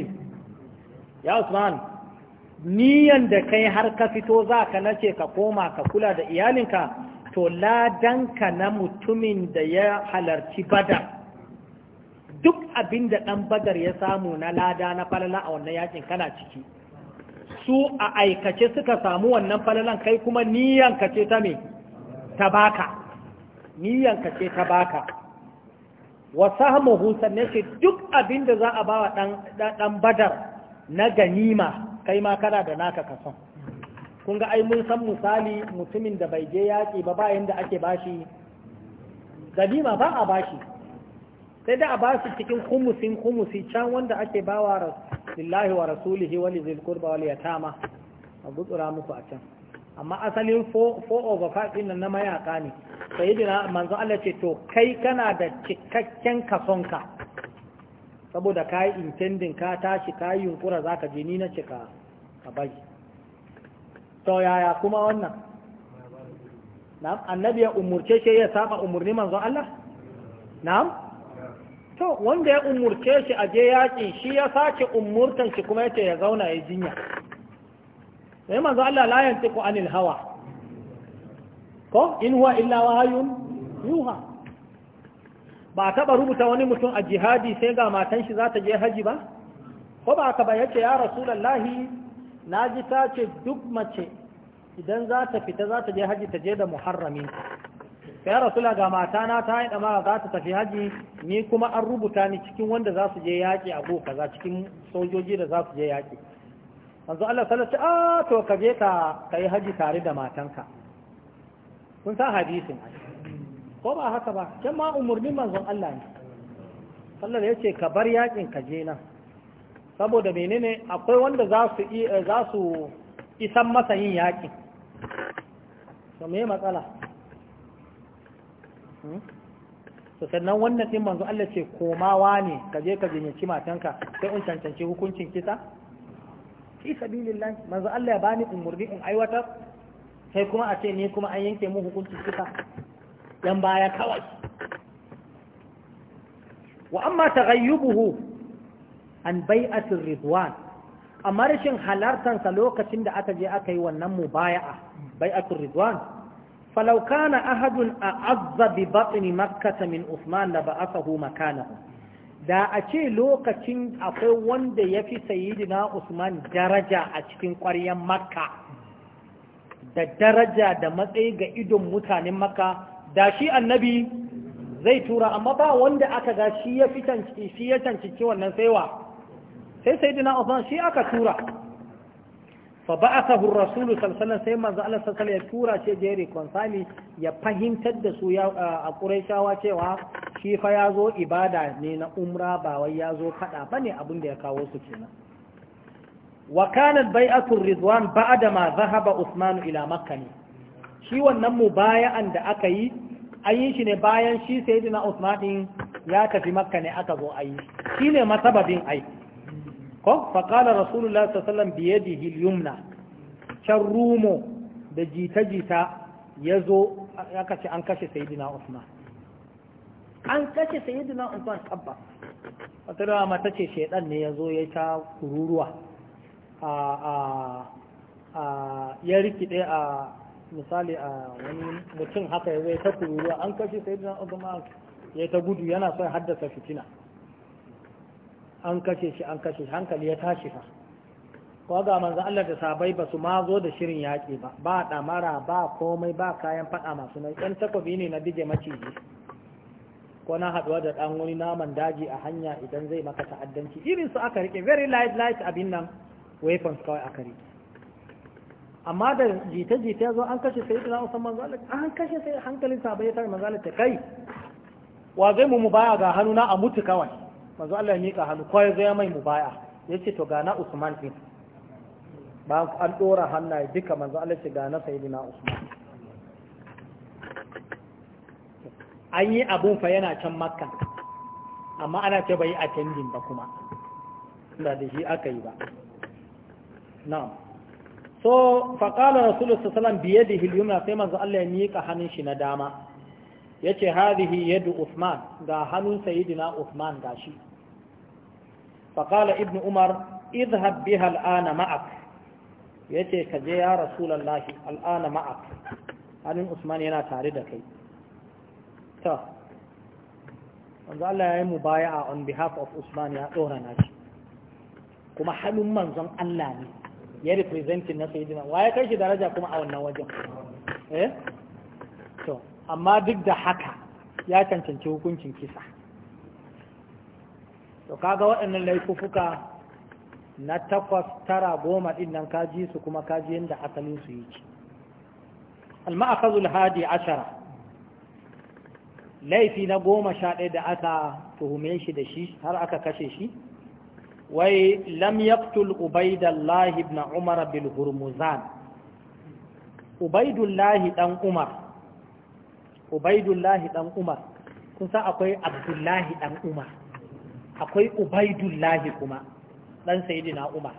niyan da kai har ka fito za ka nace ka koma ka kula da iyalinka to ladanka na mutumin da ya halarci badar duk abin da ɗan badar ya samu na lada na falala a wannan yakin kana ciki su a aikace suka samu wannan falalan kai kuma niyanka ce ta me ta baka niyanka ce ta baka wa ce duk abin da za a bawa ɗan badar na ganima kai ma kana da naka kason kun ga ai mun san misali mutumin da bai je yaƙi ba bayan da ake bashi ganima ba a bashi sai da a bashi cikin humusin humusi can wanda ake bawa lillahi wa rasulihi wa lizil qurba wal yatama a gutsura muku a can amma asalin 4 over 5 din na mayaka ne sayyidina manzo Allah ce to kai kana da cikakken kasonka saboda kai intending ka tashi kai yunkura zaka je ni na cika ka bai to yaya kuma wannan na'am annabi ya umurce shi ya saba umurni manzo Allah na'am to wanda ya umurce shi a je yaƙi shi ya sace umurtan shi kuma yace ya zauna ya jinya sai manzo Allah la yantiqu anil hawa ko in huwa illa wahayun yuha ba a taɓa rubuta wani mutum a jihadi sai ga matan shi za ta je haji ba ko ba ka ba yace ya rasulallahi na ji ta ce duk mace idan za ta fita za ta je haji ta je da muharramin ya rasula ga matana ta yi ɗamara za ta tafi haji ni kuma an rubuta ni cikin wanda za su je yaƙi a ko za cikin sojoji da za su je yaƙi manzo Allah sallallahu alaihi a ah, to ka je ka kai haji tare da matanka kun san hadisin ko ba haka ba can ma umurnin manzon Allah ne Allah ya ce ka bar yaƙin ka je nan saboda menene akwai wanda eh, za su isan masa yin yaƙi to mai matsala hmm? to sannan wannan ɗin manzo Allah ce komawa ne ka je ka jinyaci matanka sai un cancanci hukuncin kisa fi sabilillah manzo Allah ya bani umurni in aiwatar sai kuma a ce ne kuma an yanke mu hukuncin kisa Yan baya kawai wa amma taghayyubuhu an bai'atul ridwan amma rashin halartansa lokacin da aka je aka yi wannan a bai ridwan falau falaukana ahadun a bi batini makkah min usman da aka hu makana. da a ce lokacin akwai wanda ya fi sayidina usman daraja a cikin ƙwaryen makka da daraja da matsayi ga idon mutanen makka da shi annabi zai tura amma ba wanda aka ga shi ya fi wannan saiwa sai sai dina Uthman shi aka tura fa ba'athahu ar-rasul sallallahu alaihi sai manzo Allah ya tura shi je sami ya fahimtar da su ya a Quraishawa cewa shi fa yazo ibada ne na umra ba wai yazo fada bane abin da ya kawo su kenan wa kanat bai'atu ar-ridwan ba'da ma dhahaba Uthman ila Makkah shi wannan mubaya'an da aka yi an yi shi ne bayan shi sayyidina Uthman din ya tafi Makka ne aka zo ayi ne masababin aiki ko faƙalar rasulullah sallallahu da yumna can rumo da jita-jita ya zo aka ce an kashe sayidina usman an kashe sayidina usman tabbas wata da mata ce shaidan ne ya zo ya ta kururuwa ya rikide a misali a wani mutum haka ya ya ta kururuwa an kashe sayidina usman ya ta gudu yana son haddasa fitina an kashe shi an kashe shi hankali ya tashi fa ko ga manzo Allah da sabai ba su ma zo da shirin yaƙi ba ba damara ba komai ba kayan faɗa masu nan dan takobi ne na bije maciji ko na haɗuwa da ɗan wani naman daji a hanya idan zai maka ta'addanci irin su aka rike very light light abin nan weapons kawai aka rike amma da jita-jita ya zo an kashe sai da manzo Allah an kashe sai hankalin sabai ya tare Allah ta kai wa zai mu mu baya ga hannuna a mutu kawai manzo Allah ya miƙa hannu kawai zai mai mubaya ya ce to gana Usman ɗin ba an ɗora hannaye duka manzo Allah ce gana na Usman an yi abun fa yana can makka amma ana ce bai a canjin ba kuma da da shi aka yi ba na'am so faqala rasulullah sallallahu alaihi wasallam bi yadihi sai manzo Allah ya miƙa hannun shi na dama yace hadhihi yadu usman ga hannun sayyidina Uthman gashi faƙala ibn umar izhab biha al'ana ma'ak yace ce ka je ya rasulallahi al'ana ma'ak halin usman yana tare da kai ta wanzu Allah ya yi mu baya on behalf of usman ya ɗora na shi kuma halin manzon Allah ne ya representin na sayidina wa ya kai shi daraja kuma a wannan wajen eh to amma duk da haka ya cancanci hukuncin kisa to kaga waɗannan laifuka na takwas tara goma ɗin nan kaji su kuma kaji yadda asalin su yi al-ma'akazul hadi ashara laifi na goma sha ɗaya da aka tuhume shi da shi har aka kashe shi wai lam yaktul ubaidullah ibn umar bil hurmuzan dan umar Ubaidullahi dan umar kun san akwai abdullahi dan umar akwai ubaidullahi kuma ɗan Sayyidina umar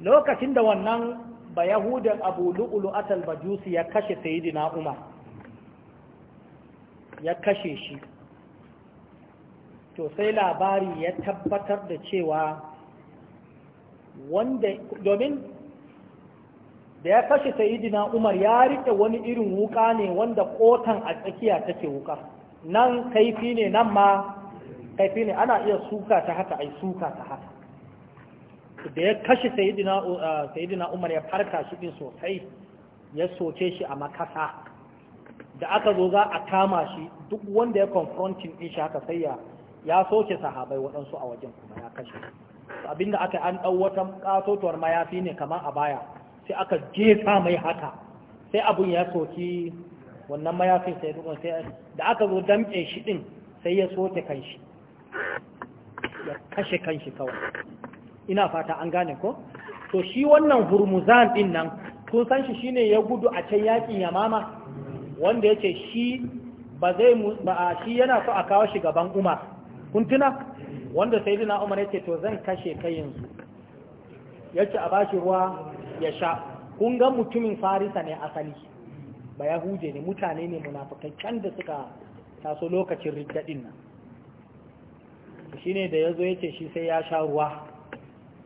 lokacin da wannan ba yahudan abu lu'ulu atal bajusi ya kashe Sayyidina umar ya kashe shi to sai labari ya tabbatar da cewa wanda domin da ya kashe Sayyidina umar ya riƙe wani irin wuka ne wanda kotan a tsakiya take wuka nan kaifi ne nan ma kaifi ne ana iya suka ta haka ai suka ta haka da ya kashe sayidina uh, umar ya farka shi din sosai ya soke shi a makasa da aka zo za a kama shi duk wanda ya confronting din shi haka sai ya ya soke sahabai waɗansu a wajen kuma ya kashe abinda aka an ɗau wata ƙatotuwar mayafi ne kamar a baya sai aka je mai haka sai abun ya soki wannan mayafin sai da aka zo damƙe shi ɗin sai ya soke kan shi ya kashe kanshi kawai ina fata an gane ko to shi wannan hurmuzan din nan kun san shi shine ya gudu a can yakin yamama wanda yake shi ba zai ba shi yana so a kawo shi gaban Umar kun tuna wanda sayyidina Umar yace to zan kashe kai yanzu yace a bashi ruwa ya sha kun ga mutumin Farisa ne asali ba Yahuje ne mutane ne munafikai can da suka taso lokacin riddadin nan Shi ne da ya ya ce shi sai ya sha ruwa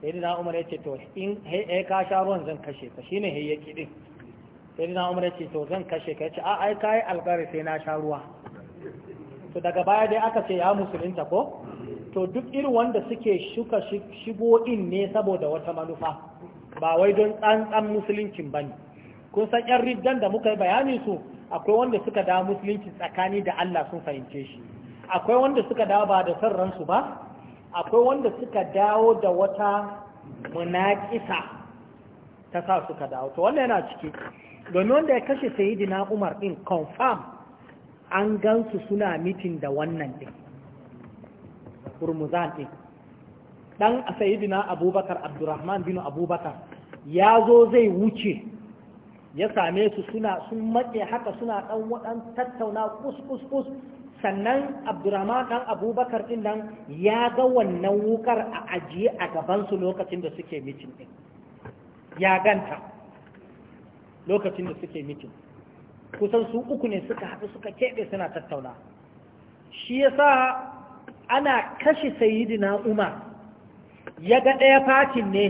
sai na umar ce to in ya ka sha ruwan zan kashe ka shine he yake din sai na umar ce to zan kashe ka ce a ai yi alƙari sai na sha ruwa to daga baya dai aka ce ya musulunta ko to duk irin wanda suke shuka shigo in ne saboda wata manufa ba wai don tsantsan musuluncin ba ne kun san yan rijjan da muka yi bayanin su akwai wanda suka da musulunci tsakani da Allah sun fahimce shi akwai wanda suka dawo ba da son ransu ba akwai wanda suka dawo da wata munaƙisa ta sa suka dawo to wannan yana ciki domin wanda ya kashe sayidina umar din confirm an gansu suna mitin da wannan din hurmuzan din dan sayidina abubakar abdurrahman bin abubakar ya zo zai wuce ya same su suna sun matse haka suna dan wadan tattauna kus kus kus sannan abdurrahman dan abubakar din nan ya ga wannan wukar a ajiye a gabansu lokacin da suke mitin din ya ganta lokacin da suke mitin kusan su uku ne suka haɗu suka keɓe suna tattauna shi ya sa ana kashe sayidina umar ya ga ɗaya fatin ne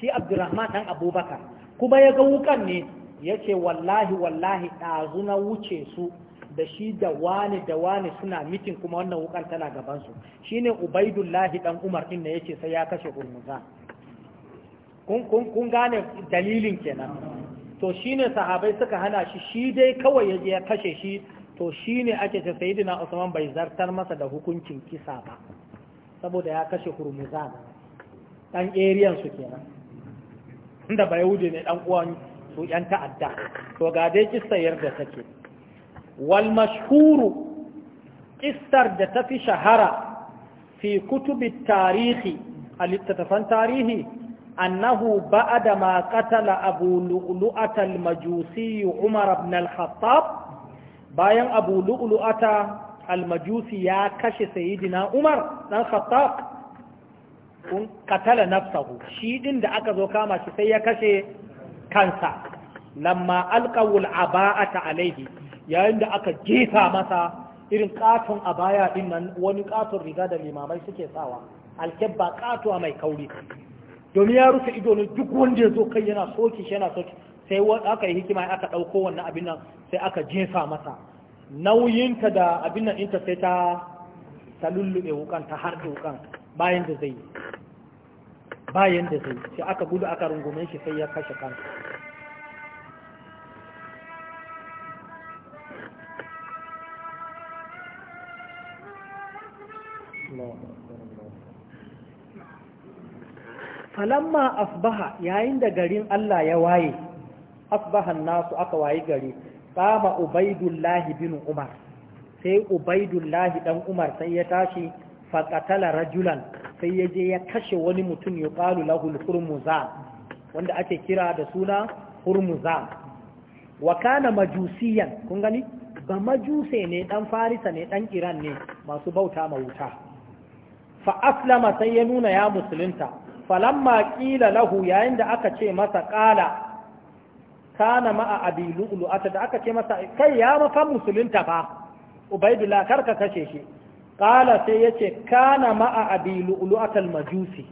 shi abdurrahman dan abubakar kuma ya ga wukan ne ya ce wallahi wallahi ɗazu na wuce su da shi da wani da wani suna mitin kuma wannan wukan tana gabansu shine ubaidullahi dan umar din ne yake sai ya kashe hurmuza kun gane dalilin kenan to shine sahabai suka hana shi shi dai kawai yaje ya kashe shi to shine ake ce sayyidina usman bai zartar masa da hukuncin kisa ba saboda ya kashe hurmuza dan area su kenan inda bayude ne dan uwan su yan ta'adda to ga dai kissa yarda take wal mashhuru ƙistar da ta fi shahara fi kutubi tarihi a littattafan tarihi annahu ba'da ma qatala abu lu'lu'ata al-majusi umar ibn al bayan abu lu'lu'ata al-majusi ya kashe sayyidina umar dan khattab kun qatala nafsahu shi din da aka zo kama shi sai ya kashe kansa lamma alqawul aba'ata alaihi yayin da aka jefa masa irin katon a baya din nan wani katon riga da limamai suke sawa alkebba katuwa mai kauri domin ya rufe ido ne duk wanda ya zo kai yana soki shi yana soki sai aka yi hikima aka ɗauko wannan abin nan sai aka jefa masa nauyinta da abin nan ɗinta sai ta ta lullube wukan ta da wukan bayan da zai bayan da zai sai aka gudu aka rungume shi sai ya kashe kansa falamma asbaha yayin da garin Allah ya waye asbahan nasu aka waye gari kama ubaidullahi bin umar sai ubaidullahi dan umar sai ya tashi faƙatala rajulan sai ya je ya kashe wani mutum ya lahu lahul hurmuza wanda ake kira da suna hurmuza wa kana majusiyan kun gani ba majuse ne dan farisa ne dan iran ne masu bauta ma wuta fa aslama sai ya nuna ya musulunta falamma qila lahu yayin da aka ce masa qala kana ma'a abi lu'lu'ata da aka ce masa kai ya mafa musulunta fa ubaidullah karka kashe shi kala sai yace kana ma'a abi lu'lu'ata al-majusi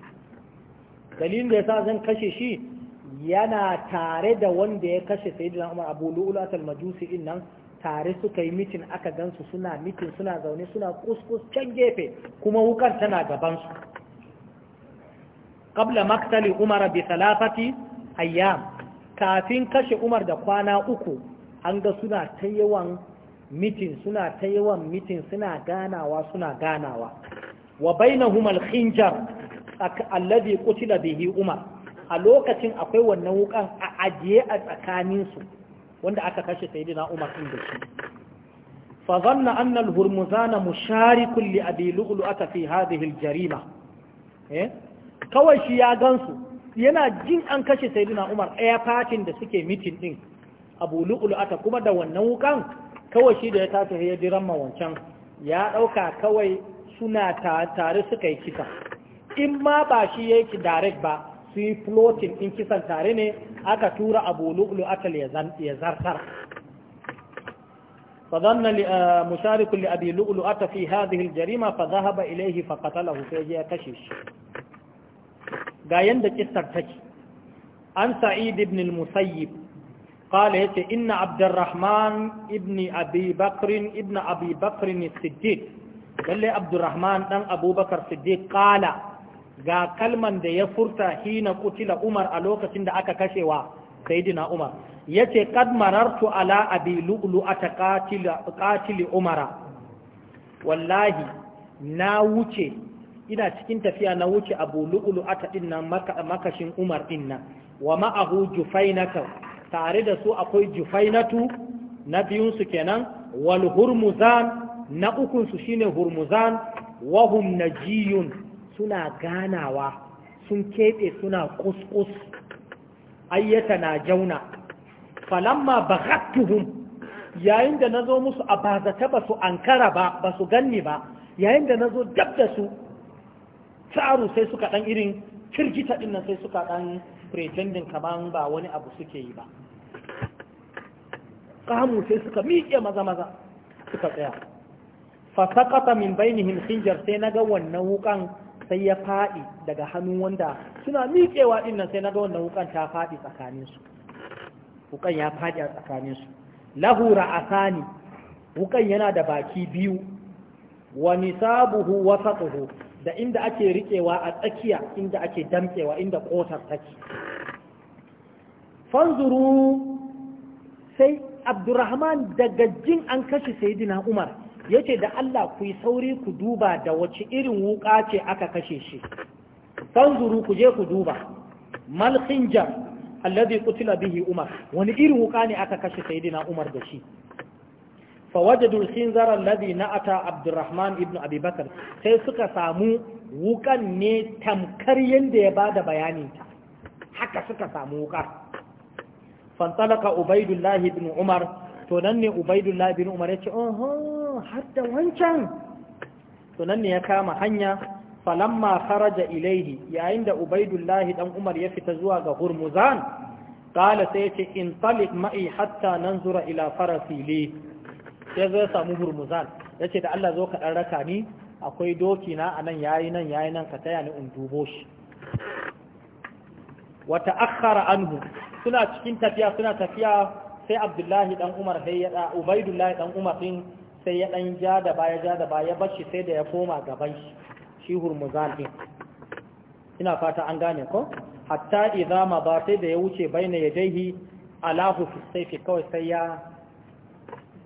dalilin da yasa zan kashe shi yana tare da wanda ya kashe sayyidina Umar Abu Lu'lu'at al-Majusi din nan tare suka yi mitin aka gansu suna mitin suna zaune suna kuskus can gefe kuma wukar tana gabansu qabla maktali Umar bi salafati ayyam kafin kashe umar da kwana uku an ga suna ta yawan mitin suna ta yawan mitin suna ganawa suna ganawa wa bainahum al-khinjar alladhi qutila bihi umar a lokacin akwai wannan wukan a ajiye a tsakaninsu wanda aka kashe sayyidina Umar ɗin da shi fa zanna anna al-hurmuzana musharikun li abi lu'lu'ata fi hadhihi al eh kawai shi ya gansu yana jin an kashe sayyidina Umar ɗaya fatin da suke mitin ɗin, abu lu'lu'ata kuma da wannan wukan kawai shi da ya tafi ya diran ma wancan ya ɗauka kawai suna tare suka yi kisa in ma ba shi yake direct ba في yi flotin in kisan tare ne aka tura abu lu'lu akal ya zartar فظن مشارك لأبي لؤلؤة في هذه الجريمة فذهب إليه فقتله فيجي كشيش قاين دا عن سعيد بن المسيب قال إن عبد الرحمن ابن أبي بكر ابن أبي بكر الصديق قال لي عبد الرحمن أن أبو بكر الصديق قال ga kalman da ya furta hina kutila umar a lokacin da aka kashewa Sayyidina umar yace ce kad marartu ala abi lu'lu'ata qatili umara wallahi na wuce ina cikin tafiya na wuce abu ata din nan makashin umar din nan wa ma'ahu jufainata tare da su akwai jufainatu na biyunsu kenan wal hurmuzan na ukunsu shine hurmuzan wahum najiyun suna ganawa sun keɓe suna kuskus ayyata na jauna falamma baghattuhum yayin da nazo musu a bazata ba su ankara ba ba su ganni ba yayin da nazo dab su tsaru sai suka dan irin kirgita din nan sai suka dan pretending kaman ba wani abu suke yi ba kamu sai suka miƙe maza maza suka tsaya fa min bainihim khinjar sai na ga wannan wukan sai ya faɗi daga hannun wanda suna miƙewa ɗin nan sai na ga wannan wukan ta faɗi tsakaninsu wukan ya faɗi a su lahu ra'asani wukan yana da baki biyu wa nisabuhu wasatuhu da inda ake riƙewa a tsakiya inda ake damƙewa inda ƙotar take fanzuru sai abdurrahman daga jin an kashe sayyidina umar yace da Allah ku yi sauri ku duba da wace irin wuka ce aka kashe shi fanzuru ku je ku duba mal khinjar alladhi qutila bihi umar wani irin wuka ne aka kashe sayyidina umar da shi fa wajadu al-khinzar alladhi na'ata abdurrahman ibn abi bakr sai suka samu wukan ne tamkar yanda ya bada bayanin ta haka suka samu wuka fantalaka ubaidullahi ibn umar to nan ne ubaidullah bin umar ya ce har da wancan to nan ne ya kama hanya falamma Faraja ilaihi yayin da ubaidullah dan umar ya fita zuwa ga hurmuzan kala sai ya ce in talik ma'i hatta zura ila farasi li ya zai ya samu hurmuzan ya ce da Allah zo ka dan raka ni akwai doki na anan yayi nan yayi nan ka taya ni in dubo shi Wata ta'akhkhara anhu suna cikin tafiya suna tafiya sai abdullahi dan umar sai ya ubaidullahi dan umar din sai ya dan ja da baya ja da baya bashi sai da ya koma gaban shi shi hurmuzan din ina fata an gane ko hatta idza ma ba sai da ya wuce baina yadaihi ala hufsaifi kawai sai ya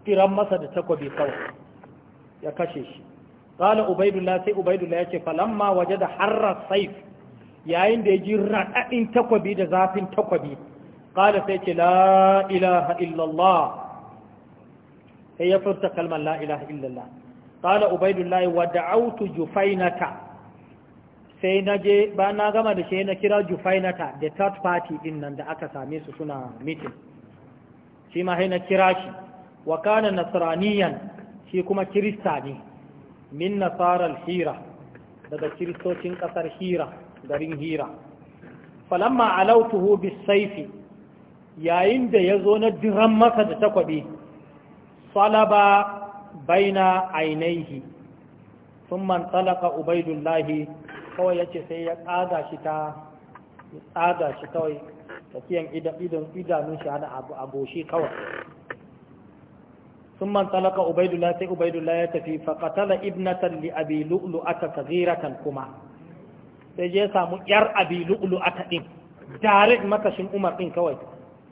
kiran masa da takobi kawai ya kashe shi qala ubaidullah sai ubaidullah yace falamma wajada harra saif yayin da ya ji radadin takobi da zafin takobi qala sai ce la ilaha illallah sai ya furta kalmar la ilaha illallah qala ubaidullah wa da'awtu jufainata sai na je ba na gama da shi na kira jufainata da third party din nan da aka same su suna meeting shi ma sai na kira shi wa kana nasraniyan shi kuma kirista ne min nasarar hira daga kiristocin ƙasar hira garin hira falamma alautuhu bisaifi yayin da ya zo na diran masa da takwabi salaba baina ainihi sun man talaka ubaidullahi kawai ya ce sai ya tsada shi ta tsada shi kawai tafiyan idanun shi hana goshi kawai sun man talaka ubaidullahi sai ubaidullahi ya tafi faƙatala ibnatan li abi ta sagiratan kuma sai je samu yar abi aka ɗin direct makashin umar ɗin kawai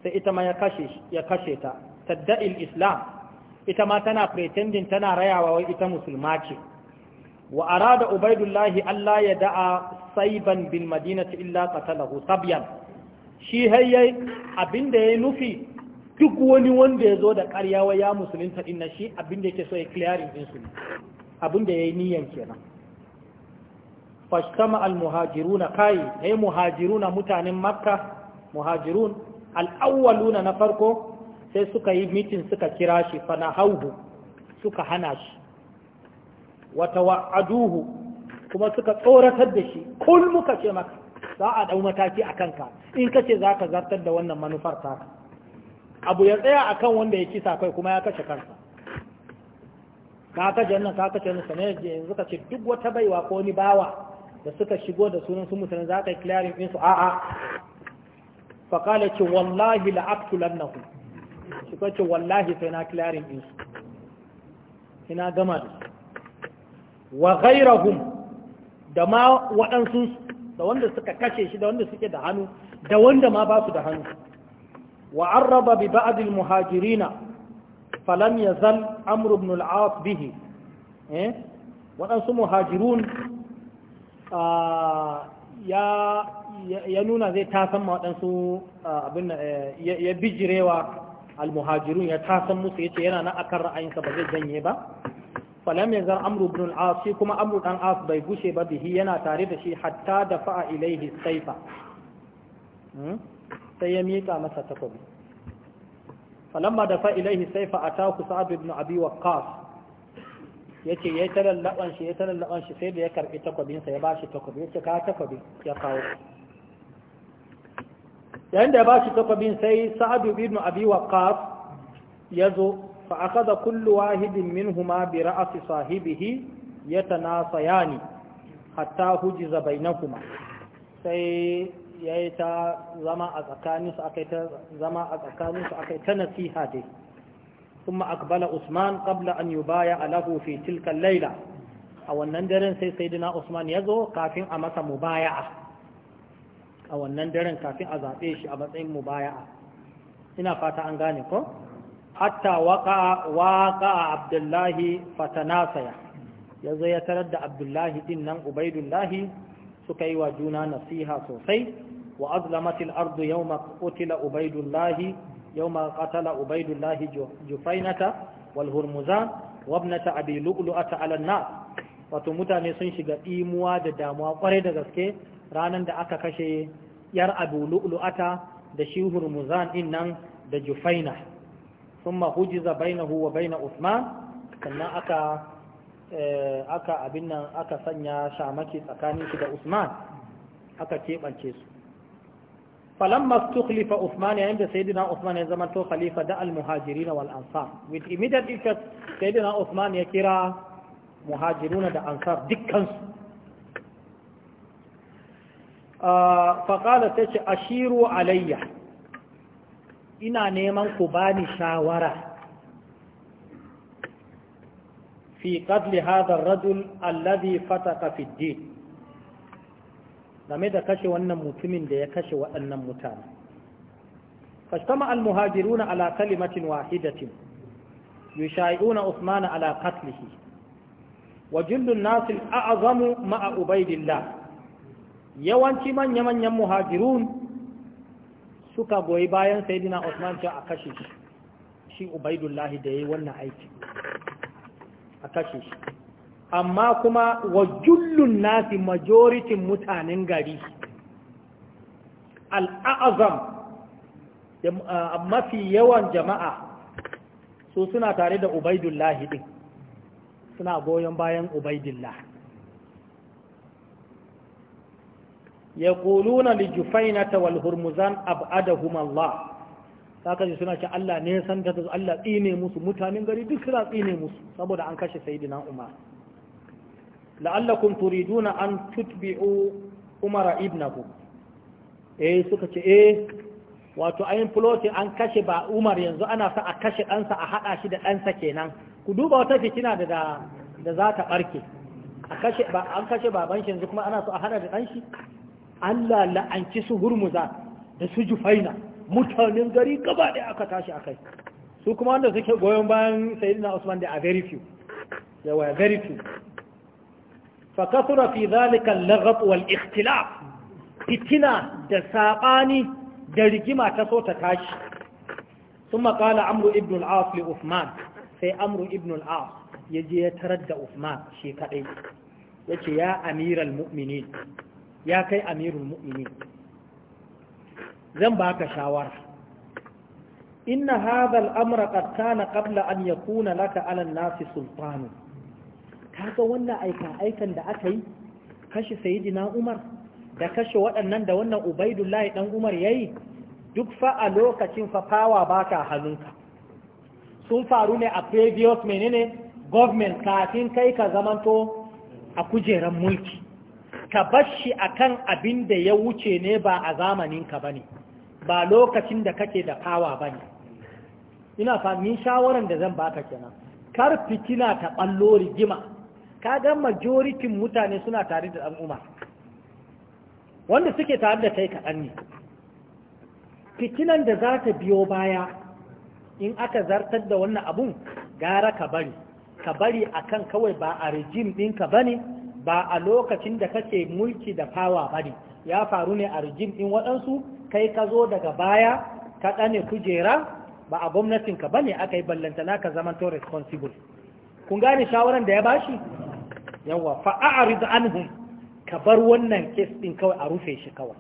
sai ita ma ya kashe ta tadda'il islam ita ma tana pretending tana rayawa wai ita musulma ce wa arada ubaidullahi Allah ya da'a saiban bil madinati illa qatalahu sabyan shi hayyai abinda ya nufi duk wani wanda ya zo da ƙarya wa ya musulunta din na shi abinda yake so ya clearing din su abinda yayi niyan kenan fashtama al muhajiruna kai ay eh muhajiruna mutanen makka muhajirun al'awwaluna na farko sai suka yi mitin suka kira shi fana hauhu suka hana shi wata wa'aduhu kuma suka tsoratar da shi kun muka ce maka za a ɗau mataki a kanka in ka ce za ka zartar da wannan manufar taka abu ya tsaya a kan wanda ya kisa kai kuma ya kashe kansa ka kashe nan ka ce nan sanar da yanzu ka ce duk wata baiwa ko wani bawa da suka shigo da sunan su mutane za ka yi clearing ɗinsu a'a faƙala ce wallahi la'aktulan na su ce wallahi sai na kilarin insu ina gama da su wa ghairahum da ma waɗansu da wanda suka kashe shi da wanda suke da hannu da wanda ma ba su da hannu wa arraba bi ba'd muhajirina falam yazal amr ibn al as bihi eh waɗansu muhajirun ya ya nuna zai tasan ma waɗansu abin eh, ya bijirewa almuhajirun ya tasan musu ya ce yana na akan ra'ayinsa ba zai janye ba falam zar amru ibn al-as shi kuma amru dan as bai gushe ba bihi yana tare da shi hatta da fa'a ilaihi saifa hmm? sai ya mika masa takobi falamma da fa'a ilaihi saifa ataku sa'ad ibn abi wa yace ya talallaban shi ya talallaban shi sai da ya karbi takobinsa, ya bashi takobi yace ka takobi ya kawo yayin da ya ba shi takwabin sai sa'adu ibn abi ya zo fa akhadha kullu wahidin minhuma bi ra'si sahibihi ni hatta hujiza kuma sai yi ta zama a tsakaninsu akai ta zama a tsakaninsu akai ta nasiha dai a أقبل عثمان قبل أن يبايع له في تلك sai أو usman ya zo kafin a masa أمس baya. a wannan daren kafin a zaɓe shi a matsayin baya ina fata an gane ko hatta waka a abdullahi fatanasaya ya zo ya tarar da abdullahi din nan ubaidullahi suka yi wa juna nasiha sosai wa azlamatil ardu yawma qutila ubaidullahi yawma qatala ubaidullahi jufainata wal hurmuzan wa ibnata abi lu'lu'ata wato mutane sun shiga imuwa da damuwa kwarai da gaske ranar da aka kashe yar abu lu'lu'ata da shi hurmuzan din nan da jufaina thumma hujiza bainahu wa baina usman sannan aka eh, aka abin nan aka sanya shamaki tsakanin shi da usman aka keɓance su falamma stukhlifa usman ya da sayyidina usman ya zama to khalifa da al muhajirin wal ansar with immediate effect sayyidina usman ya kira muhajiruna da ansar dukkan su Faƙada ta ce ashiru alayya ina neman ku bani shawara fi ƙadli hadar rajul allazi fataka fiddi game da kashe wannan mutumin da ya kashe waɗannan mutane fashtama almuhajiruna ala kalimatin wahidatin yushayi'una usmana ala qatlihi wa jundun nasil a'zamu ma'a ubaidillah yawanci manya-manyan muhajirun suka goyi bayan saidina Osman cewa a kashe shi shi ubaidullahi da ya yi wannan aiki a kashe shi amma kuma wa jullun nasi majoritin mutanen gari al'azam mafi yawan jama'a su suna tare da ubaidullahi din suna goyon bayan ubaidullahi yaquluna li jufainata wal hurmuzan ab'adahum Allah saka ji suna ce Allah ne san da Allah tsine musu mutanen gari duk suna tsine musu saboda an kashe sayyidina Umar la'allakum turiduna an tutbi'u Umar ibnahu eh suka ce eh wato ayin ploti an kashe ba Umar yanzu ana sa a kashe ɗansa a haɗa shi da ɗansa kenan ku duba wata fitina da da za ta barke. a kashe ba an kashe baban shi yanzu kuma ana so a haɗa da ɗan shi Allah la'anci su hurmuza da su jufaina mutanen gari gaba ɗaya aka tashi a kai su kuma wanda suke goyon bayan sayidina usman da a very few yawa very few fa kasura fi zalika al-laghat wal ikhtilaf fitina da sabani da rigima ta so ta tashi Sun qala amru ibn al-as li usman sai amru ibn al-as yaje ya tarar da usman shi kadai yace ya amiral mu'minin ya kai amirul mu'minin zan baka shawara inna hadha al-amra qad kana qabla an yakuna laka 'ala an-nasi sultanu kaga wannan aika aikan da aka yi kashe sayyidina Umar da kashe waɗannan da wannan Ubaidullahi dan Umar yayi duk fa a lokacin fa fawa baka hannunka sun faru ne a previous menene government kafin kai ka zamanto a kujeran mulki ka bar a akan abin da ya wuce ne ba a zamaninka ba ne ba lokacin da kake da fawa ba ne ina fami shawaran da zan baka kenan kar fitina ta ɓallo rigima ka ga majoritin mutane suna tare da ɗan wanda suke tare da kai kaɗan ne fitinan da za ta biyo baya in aka zartar da wannan abun gara ka bari ka bari akan kawai ba a rijim ɗinka ba ne ba a lokacin da kake mulki da fawa bane ya faru ne a rijim ɗin waɗansu kai ka zo daga baya ka ɗane kujera ba a gwamnatinka ba ne aka yi ballantana ka zaman to responsible kun gane shawaran da ya bashi yawa an hun ka bar wannan kes ɗin kawai a rufe shi kawai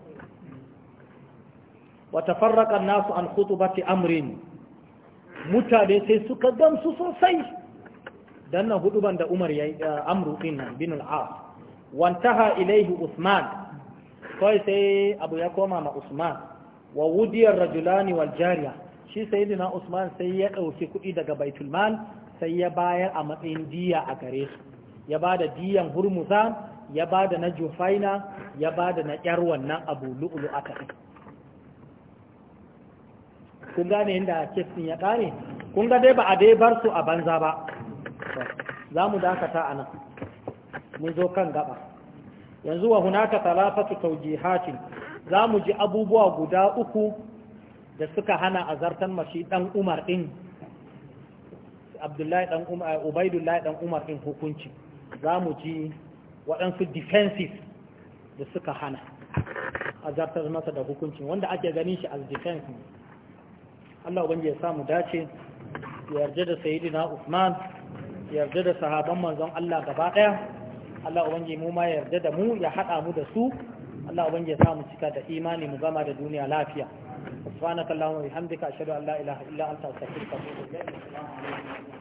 wata farraƙar nasu an khutubati amrin mutane sai suka gamsu sosai dan nan hudu ban da Umar yayi eh, Amru bin as wantaha ilaihi Usman kai sai abu ya koma ma Usman wa wudiya rajulani wal jariya shi sayyidina Usman sai ya dauki kuɗi daga Baitul Mal sai ya bayar a matsayin diya a gare su ya bada diyan hurmuza, ya bada na Jufaina ya bada na yar wannan abu lu'ulu aka kun gane inda kesin ya kare kun ga dai ba a dai bar su a banza ba za mu dakata a nan mun zo kan gaba yanzu wa hunaka talafatu taujihatin za mu ji abubuwa guda uku da suka hana azartan mashi dan umar din abdullahi dan umar eh, ubaidullahi dan umar din hukunci za mu ji waɗansu defenses da suka hana azartar masa da hukuncin wanda ake ganin shi as defense ne Allah ubangiji ya samu dace ya yarda da sayyidina Usman yarda da sahaban manzon Allah gaba daya Allah ubangi mu ma yarda da mu ya hada mu da su Allah ubangi ya sa mu cika da imani mu zama da duniya lafiya subhanakallahumma wa bihamdika ashhadu an la ilaha illa anta astaghfiruka wa atubu